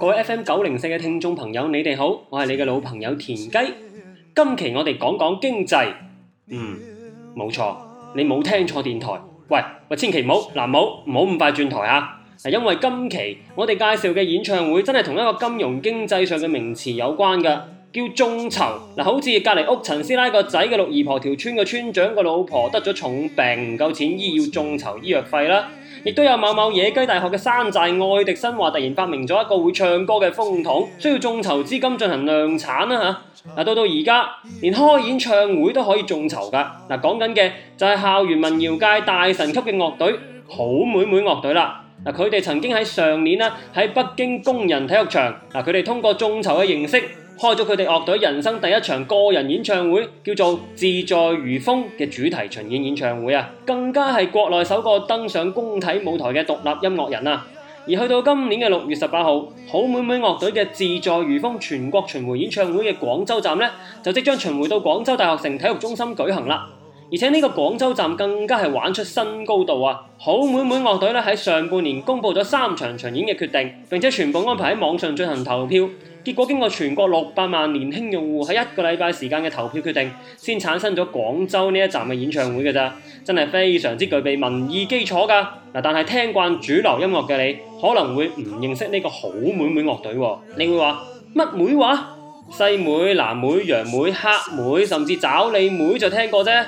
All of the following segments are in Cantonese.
各位 FM 九零四嘅聽眾朋友，你哋好，我係你嘅老朋友田雞。今期我哋講講經濟，嗯，冇錯，你冇聽錯電台。喂喂，千祈唔好嗱，唔好，唔好咁快轉台啊！因為今期我哋介紹嘅演唱會真係同一個金融經濟上嘅名詞有關嘅。要眾籌，好似隔籬屋陳師奶個仔嘅六姨婆條村嘅村長嘅老婆得咗重病，唔夠錢醫，要眾籌醫藥費啦。亦都有某某野雞大學嘅山寨愛迪生話突然發明咗一個會唱歌嘅風筒，需要眾籌資金進行量產啦、啊、吓、啊。到到而家連開演唱會都可以眾籌㗎。嗱、啊，講緊嘅就係、是、校園民謠界大神級嘅樂隊好妹妹樂隊啦。嗱、啊，佢哋曾經喺上年啦喺北京工人體育場，嗱、啊，佢哋通過眾籌嘅形式。開咗佢哋樂隊人生第一場個人演唱會，叫做《自在如風》嘅主題巡演演唱會，更加係國內首個登上工體舞台嘅獨立音樂人啊！而去到今年嘅六月十八號，好妹妹樂隊嘅《自在如風》全國巡迴演唱會嘅廣州站咧，就即將巡回到廣州大學城體育中心舉行啦！而且呢個廣州站更加係玩出新高度啊！好妹妹樂隊咧喺上半年公布咗三場巡演嘅決定，並且全部安排喺網上進行投票。結果經過全國六百萬年輕用戶喺一個禮拜時間嘅投票決定，先產生咗廣州呢一站嘅演唱會嘅咋，真係非常之具備民意基礎噶。嗱，但係聽慣主流音樂嘅你，可能會唔認識呢個好妹妹樂隊喎。你會話乜妹話啊？西妹、藍妹、楊妹、黑妹，甚至找你妹就聽過啫。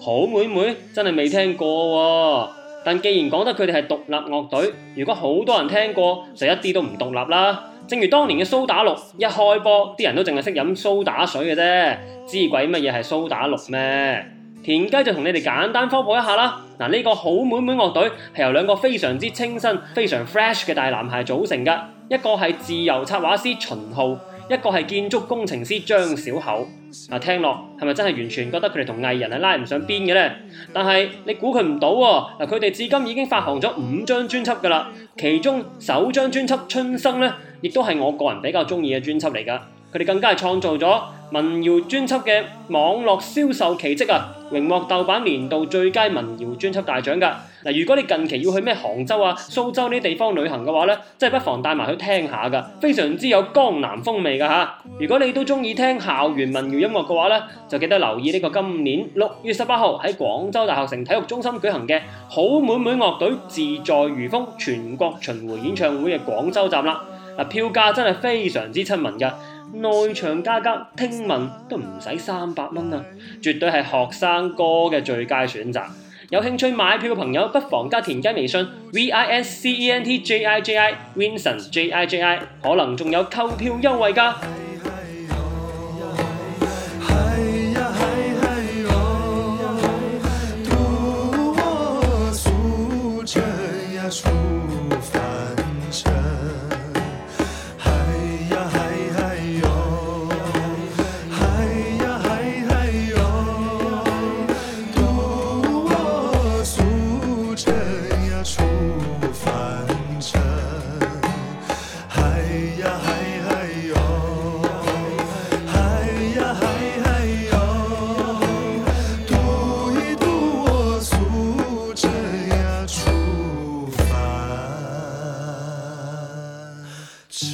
好妹妹真係未聽過喎。但既然講得佢哋係獨立樂隊，如果好多人聽過，就一啲都唔獨立啦。正如當年嘅蘇打綠一開播，啲人都淨係識飲蘇打水嘅啫，知鬼乜嘢係蘇打綠咩？田雞就同你哋簡單科普一下啦。嗱，呢個好妹妹樂隊係由兩個非常之清新、非常 fresh 嘅大男孩組成嘅，一個係自由插畫師秦昊。一個係建築工程師張小厚，嗱，聽落係咪真係完全覺得佢哋同藝人係拉唔上邊嘅呢？但係你估佢唔到喎，嗱，佢哋至今已經發行咗五張專輯噶啦，其中首張專輯《春生》呢咧，亦都係我個人比較中意嘅專輯嚟噶。佢哋更加係創造咗民謠專輯嘅網絡銷售奇蹟啊！榮獲豆瓣年度最佳民謠專輯大獎噶。如果你近期要去咩杭州啊、蘇州呢啲地方旅行嘅話咧，真係不妨帶埋去聽一下噶，非常之有江南風味噶嚇。如果你都鍾意聽校園民謠音樂嘅話咧，就記得留意呢個今年六月十八號喺廣州大學城體育中心舉行嘅好妹妹樂隊自在如風全國巡迴演唱會嘅廣州站啦。票價真係非常之親民嘅，內場價格聽聞都唔使三百蚊啊，絕對係學生哥嘅最佳選擇。有興趣買票嘅朋友，不妨加田雞微信 v i s c e n t j i j i Vincent j i j i，可能仲有購票優惠㗎。